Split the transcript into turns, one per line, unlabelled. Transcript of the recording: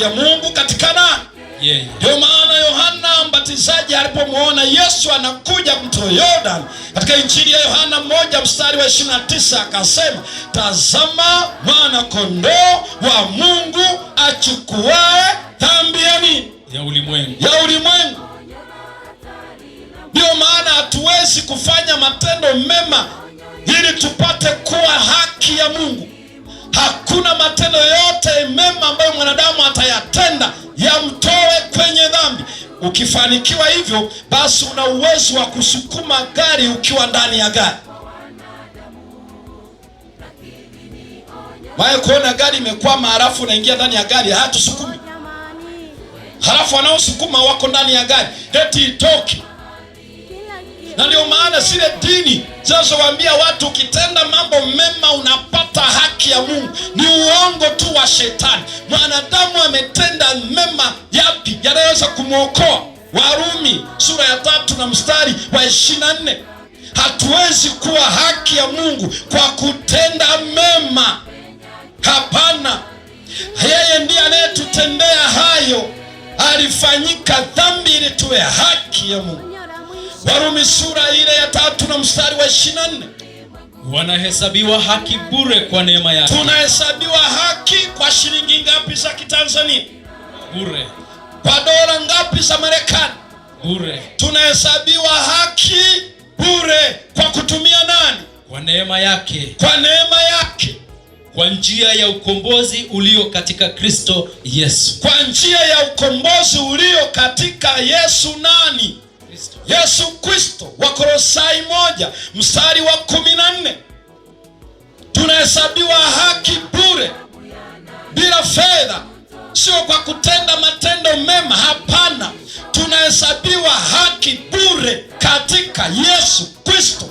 ya Mungu katika nani? Yeye. Ndio maana Yohana Mbatizaji alipomwona Yesu anakuja mto Yordani katika Injili ya Yohana moja mstari wa 29 akasema, tazama mwana kondoo wa Mungu achukuae dhambi ya nini?
Ya ulimwengu.
Ya ulimwengu. Ndio maana hatuwezi kufanya matendo mema kwenye dhambi. Ukifanikiwa hivyo, basi una uwezo wa kusukuma gari ukiwa ndani ya gari. Maya kuona gari imekwama, halafu unaingia ndani ya gari, hatusukumi, halafu wanaosukuma wako ndani ya gari, eti itoke. Na ndio maana zile dini zinazowaambia watu ukitenda mambo mema unapata haki ya Mungu ni uongo tu wa shetani. Mwanadamu ametenda mema ya yanayoweza kumwokoa. Warumi sura ya tatu na mstari wa ishirini na nne. Hatuwezi kuwa haki ya Mungu kwa kutenda mema, hapana. Yeye ndiye anayetutendea hayo, alifanyika dhambi ili tuwe haki ya Mungu. Warumi sura ile ya tatu na mstari wa ishirini na nne. Wanahesabiwa haki bure kwa neema yake. Tunahesabiwa haki kwa shilingi ngapi za Kitanzania? Bure wapi za Marekani? Bure. Tunahesabiwa haki bure kwa kutumia nani?
Kwa neema yake,
kwa neema yake,
kwa njia ya ukombozi ulio katika Kristo Yesu,
kwa njia ya ukombozi ulio katika Yesu nani? Kristo. Yesu Kristo. Wakolosai moja mstari wa kumi na nne tunahesabiwa haki bure bila fedha sio kwa kutenda matendo mema. Hapana, tunahesabiwa haki bure katika Yesu Kristo.